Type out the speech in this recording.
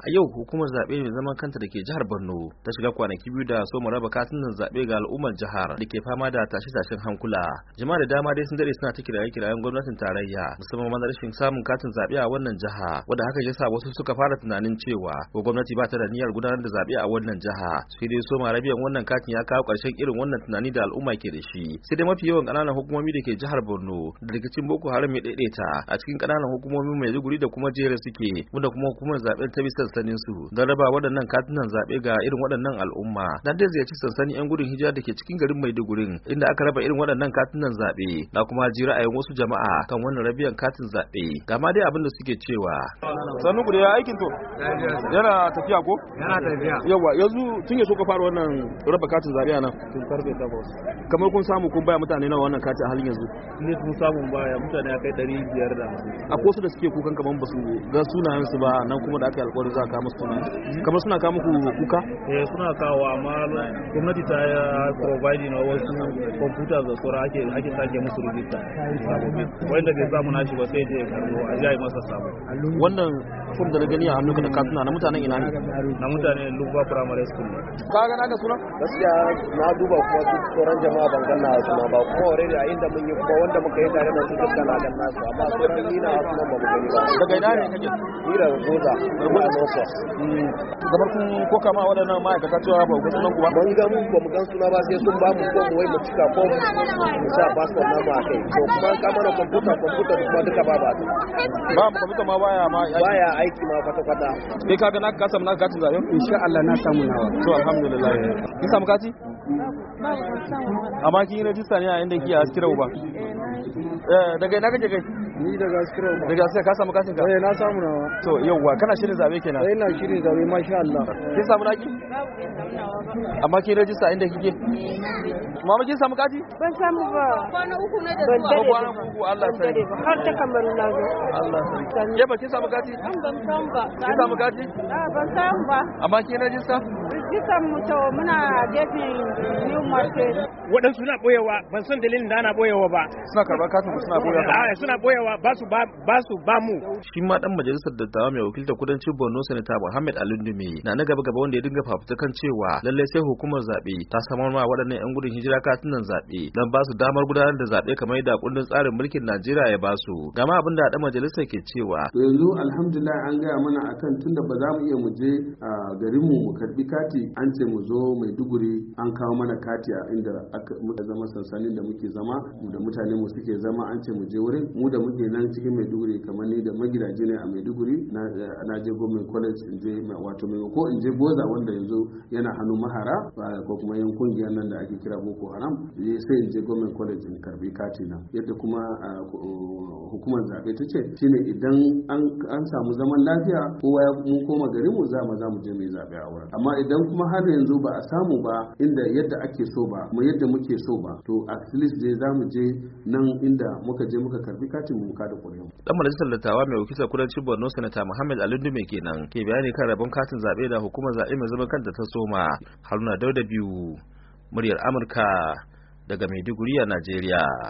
a yau hukumar zaɓe mai zaman kanta da ke jihar borno ta shiga kwanaki biyu da so raba katunan zaɓe ga al'ummar jihar da ke fama da tashe-tashen hankula jama'a da dama dai sun dare suna ta kiraye-kirayen gwamnatin tarayya musamman ma rashin samun katin zaɓe a wannan jiha wanda haka ya sa wasu suka fara tunanin cewa ko gwamnati ba ta da niyyar gudanar da zaɓe a wannan jiha sai dai so rabiyan wannan katin ya kawo ƙarshen irin wannan tunani da al'umma ke da shi sai dai mafi yawan ƙananan hukumomi da ke jihar borno da rikicin boko haram ya daidaita a cikin ƙananan mai zuguri da kuma jere suke wanda kuma hukumar zaɓen ta bisa sansanin su don raba waɗannan katunan zaɓe ga irin waɗannan al'umma na dai ziyarci sansanin 'yan gudun hijira da ke cikin garin Maiduguri inda aka raba irin waɗannan katunan zaɓe na kuma ji ra'ayin wasu jama'a kan wannan rabiyan katin zaɓe ga ma dai abin da suke cewa. Sannu ku da aikin to yana tafiya ko? Yana tafiya. Yawa yanzu tun ya so ka fara wannan raba katin zaɓe nan. Tun karfe takwas. Kamar kun samu kun baya mutane nawa wannan katin a halin yanzu? Ne kun samu baya mutane a kai ɗari biyar da hamsin. Akwai su da suke kukan kamar basu. su ga sunayensu ba nan kuma da aka yi alƙawarin za ka musu kamar suna kawo muku kuka eh suna kawo amma gwamnati ta provide na wasu computers da sauran ake ake sake musu wani wanda bai samu nashi ba sai ya karbo a jayi masa sabo wannan fur da gani a hannunka da katuna na mutanen ina ne na mutanen Lugba Primary School ka ga da suna gaskiya na duba kuma su jama'a ban ganna ma ba ko already a inda mun yi kuma wanda muka yi tare da su dukkan na ganna su amma tsoron ni na kuma ba mu gani ba daga ina ne kake ni daga Goza kasuwa mm, kamar kun ko kama waɗannan ma'aikata cewa ba ku sunan kuwa ban ga mu ba mu gan suna ba sai sun ba mu ko mu wai mu cika ko mu sa passport na ba akai to kuma kamar kama na computer computer kuma duka ba ba ba mu computer ma baya ma baya aiki ma kwata kwata kai kaga na ka samu na katin zabe insha Allah na samu nawa to alhamdulillah kin samu kati amma kin rajista ne a inda kike a cikin ba eh, eh, daga ina kake kai ni daga gaskira ba da gaskira ka samu katin ka eh na samu na to yauwa kana shirin zabe kenan eh ina shirin zabe masha Allah kin samu naki amma kin rajista inda kike mama kin samu kati ban samu ba kwana uku na da dare kwana uku Allah sai har ta kamar na zo Allah sai ke ba kin samu kati ban samu ba kin samu kati a ah, ban samu ba amma kin rajista dukan mu to muna gefen new market waɗansu suna boyewa ban san dalilin da ana boyewa ba suna karɓar katin suna boyewa suna boyewa ba su ba su ba mu shi ma dan majalisar dattawa mai wakiltar kudancin Borno Senator Muhammad Alundume na na gaba gaba wanda ya dinga fafuta kan cewa lallai sai hukumar zabe ta samar ma waɗannan yan gudun hijira katinan zabe dan ba su damar gudanar da zabe kamar yadda kundin tsarin mulkin Najeriya ya ba su gama abin da dan majalisar ke cewa yanzu alhamdulillah an gaya mana akan tunda ba za mu iya mu je a garinmu mu karbi kati kati an ce mu zo mai duguri an kawo mana kati a inda muka zama sansanin da muke zama da mutane mu suke zama an ce mu je wurin mu da muke nan cikin mai duguri kamar ni da magidaje ne a mai duguri na je mai college in je wato ko in je goza wanda yanzu yana hannun mahara ko kuma yan kungiyar nan da ake kira boko haram sai in je mai college in karbi kati na yadda kuma hukumar zaɓe ta ce shine idan an samu zaman lafiya kowa ya koma garinmu mu za mu za mu je mai zaɓe a wurin amma idan kuma har yanzu ba a samu ba inda yadda ake so ba kuma yadda muke so ba to at least dai za mu je nan inda muka je muka karbi katin mu ka da kuri'u dan majalisar dattawa mai wakiltar kudancin Borno sanata Muhammad Ali Dume kenan ke bayani kan rabon katin zabe da hukumar zabe mai zaman kanta ta soma Haruna Dauda biyu muryar Amurka daga Maiduguri a Najeriya